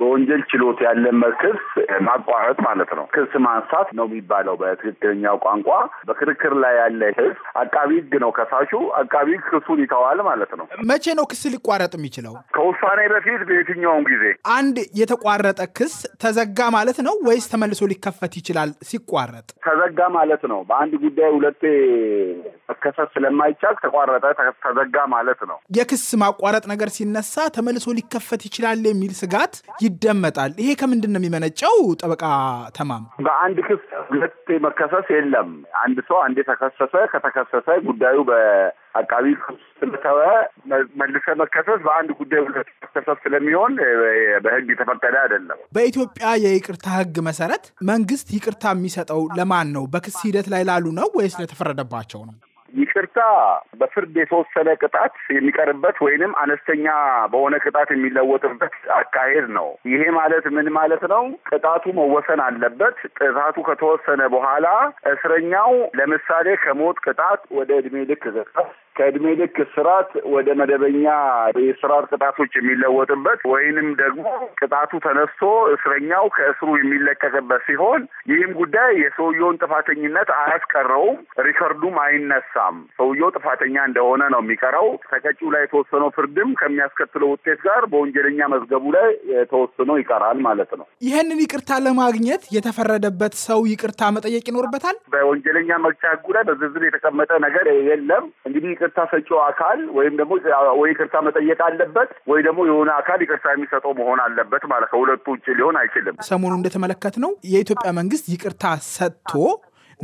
በወንጀል ችሎት ያለ ክስ ማቋረጥ ማለት ነው። ክስ ማንሳት ነው የሚባለው በትክክለኛው ቋንቋ። በክርክር ላይ ያለ ህዝብ አቃቢ ህግ ነው ከሳሹ። አቃቢ ህግ ክሱን ይተዋል ማለት ነው። መቼ ነው ክስ ሊቋረጥ የሚችለው? ከውሳኔ በፊት በየትኛውም ጊዜ። አንድ የተቋረጠ ክስ ተዘጋ ማለት ነው ወይስ ተመልሶ ሊከፈት ይችላል? ሲቋረጥ ተዘጋ ማለት ነው። በአንድ ጉዳይ ሁለቴ መከሰስ ስለማይቻል ተቋረጠ፣ ተዘጋ ማለት ነው። የክስ ማቋረጥ ነገር ሲነሳ ተመልሶ ሊከፈት ይችላል የሚል ስጋት ይደመጣል። ይሄ ከምንድን ነው የሚመነጨው? ጠበቃ ተማም፣ በአንድ ክስ ሁለት መከሰስ የለም። አንድ ሰው አንዴ ተከሰሰ፣ ከተከሰሰ ጉዳዩ በአቃቢ ስለተወ መልሰ መከሰስ በአንድ ጉዳይ ሁለት መከሰስ ስለሚሆን በህግ የተፈቀደ አይደለም። በኢትዮጵያ የይቅርታ ህግ መሰረት መንግስት ይቅርታ የሚሰጠው ለማን ነው? በክስ ሂደት ላይ ላሉ ነው ወይስ ለተፈረደባቸው ነው? ይቅርታ በፍርድ የተወሰነ ቅጣት የሚቀርበት ወይንም አነስተኛ በሆነ ቅጣት የሚለወጥበት አካሄድ ነው። ይሄ ማለት ምን ማለት ነው? ቅጣቱ መወሰን አለበት። ቅጣቱ ከተወሰነ በኋላ እስረኛው ለምሳሌ ከሞት ቅጣት ወደ እድሜ ልክ ቅጣት ከእድሜ ልክ ስርዓት ወደ መደበኛ የስርዓት ቅጣቶች የሚለወጥበት ወይንም ደግሞ ቅጣቱ ተነስቶ እስረኛው ከእስሩ የሚለቀቅበት ሲሆን ይህም ጉዳይ የሰውየውን ጥፋተኝነት አያስቀረውም፣ ሪከርዱም አይነሳም። ሰውየው ጥፋተኛ እንደሆነ ነው የሚቀረው። ተቀጪው ላይ የተወሰነው ፍርድም ከሚያስከትለው ውጤት ጋር በወንጀለኛ መዝገቡ ላይ ተወስኖ ይቀራል ማለት ነው። ይህንን ይቅርታ ለማግኘት የተፈረደበት ሰው ይቅርታ መጠየቅ ይኖርበታል። በወንጀለኛ መቅጫ ሕጉ ላይ በዝርዝር የተቀመጠ ነገር የለም። እንግዲህ ይቅርታ ሰጪው አካል ወይም ደግሞ ወይ ይቅርታ መጠየቅ አለበት ወይ ደግሞ የሆነ አካል ይቅርታ የሚሰጠው መሆን አለበት ማለት ከሁለቱ ውጭ ሊሆን አይችልም። ሰሞኑ እንደተመለከት ነው የኢትዮጵያ መንግስት ይቅርታ ሰጥቶ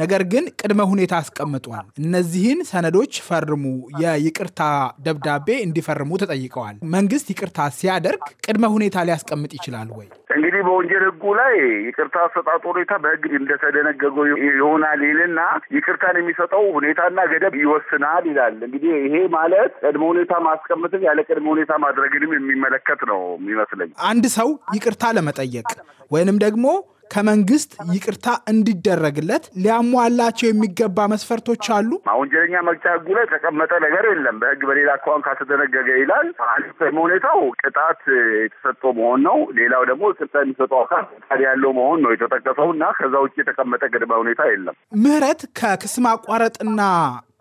ነገር ግን ቅድመ ሁኔታ አስቀምጧል። እነዚህን ሰነዶች ፈርሙ፣ የይቅርታ ደብዳቤ እንዲፈርሙ ተጠይቀዋል። መንግስት ይቅርታ ሲያደርግ ቅድመ ሁኔታ ሊያስቀምጥ ይችላል ወይ? እንግዲህ በወንጀል ህጉ ላይ ይቅርታ አሰጣጥ ሁኔታ በህግ እንደተደነገገው ይሆናል ይልና ይቅርታን የሚሰጠው ሁኔታና ገደብ ይወስናል ይላል። እንግዲህ ይሄ ማለት ቅድመ ሁኔታ ማስቀምጥን ያለ ቅድመ ሁኔታ ማድረግንም የሚመለከት ነው የሚመስለኝ። አንድ ሰው ይቅርታ ለመጠየቅ ወይንም ደግሞ ከመንግስት ይቅርታ እንዲደረግለት ሊያሟላቸው የሚገባ መስፈርቶች አሉ። ወንጀለኛ መቅጫ ህጉ ላይ ተቀመጠ ነገር የለም። በህግ በሌላ አኳኋን ካስደነገገ ይላል። አንድም ሁኔታው ቅጣት የተሰጠ መሆን ነው። ሌላው ደግሞ ቅጣት የሚሰጠው አካል ፈቃድ ያለው መሆን ነው የተጠቀሰው እና ከዛ ውጭ የተቀመጠ ቅድመ ሁኔታ የለም። ምህረት ከክስ ማቋረጥና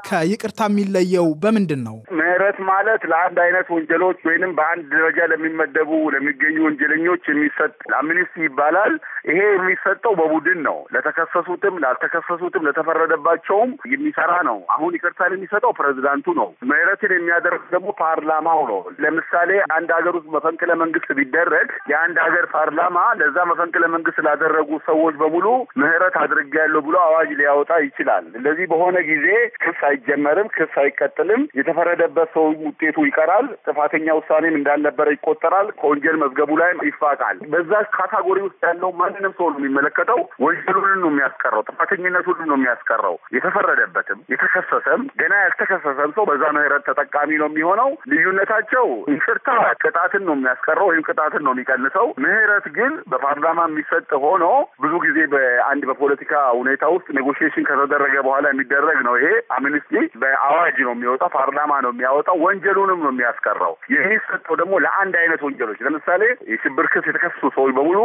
ከይቅርታ የሚለየው በምንድን ነው? ምህረት ማለት ለአንድ አይነት ወንጀሎች ወይንም በአንድ ደረጃ ለሚመደቡ ለሚገኙ ወንጀለኞች የሚሰጥ አምኒስቲ ይባላል። ይሄ የሚሰጠው በቡድን ነው። ለተከሰሱትም፣ ላልተከሰሱትም፣ ለተፈረደባቸውም የሚሰራ ነው። አሁን ይቅርታን የሚሰጠው ፕሬዚዳንቱ ነው። ምህረትን የሚያደርግ ደግሞ ፓርላማው ነው። ለምሳሌ አንድ ሀገር ውስጥ መፈንቅለ መንግስት ቢደረግ የአንድ ሀገር ፓርላማ ለዛ መፈንቅለ መንግስት ላደረጉ ሰዎች በሙሉ ምህረት አድርጌያለሁ ብሎ አዋጅ ሊያወጣ ይችላል። እንደዚህ በሆነ ጊዜ ክስ አይጀመርም፣ ክስ አይቀጥልም። የተፈረደበት ሰው ውጤቱ ይቀራል። ጥፋተኛ ውሳኔም እንዳልነበረ ይቆጠራል። ከወንጀል መዝገቡ ላይም ይፋቃል። በዛ ካታጎሪ ውስጥ ያለው ማንንም ሰው ነው የሚመለከተው። ወንጀሉን ነው የሚያስቀረው፣ ጥፋተኝነቱን ነው የሚያስቀረው። የተፈረደበትም የተከሰሰም ገና ያልተከሰሰም ሰው በዛ ምህረት ተጠቃሚ ነው የሚሆነው። ልዩነታቸው ይቅርታ ቅጣትን ነው የሚያስቀረው ወይም ቅጣትን ነው የሚቀንሰው። ምህረት ግን በፓርላማ የሚሰጥ ሆኖ ብዙ ጊዜ በአንድ በፖለቲካ ሁኔታ ውስጥ ኔጎሽሽን ከተደረገ በኋላ የሚደረግ ነው። ይሄ አሚኒ እንጂ በአዋጅ ነው የሚወጣው፣ ፓርላማ ነው የሚያወጣው፣ ወንጀሉንም ነው የሚያስቀራው። የሚሰጠው ሰጠው ደግሞ ለአንድ አይነት ወንጀሎች ለምሳሌ የሽብር ክስ የተከሰሱ ሰዎች በሙሉ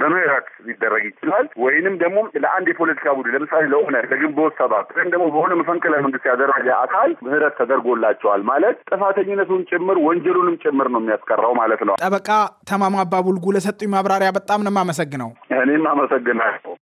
በምህረት ሊደረግ ይችላል። ወይንም ደግሞ ለአንድ የፖለቲካ ቡድን ለምሳሌ ለሆነ ለግንቦት ሰባት ወይም ደግሞ በሆነ መፈንቅለ መንግስት ያደረገ አካል ምህረት ተደርጎላቸዋል ማለት ጥፋተኝነቱን ጭምር ወንጀሉንም ጭምር ነው የሚያስቀራው ማለት ነው። ጠበቃ ተማማ አባቡልጉ ለሰጡኝ ማብራሪያ በጣም ነው የማመሰግነው። እኔም አመሰግናለሁ።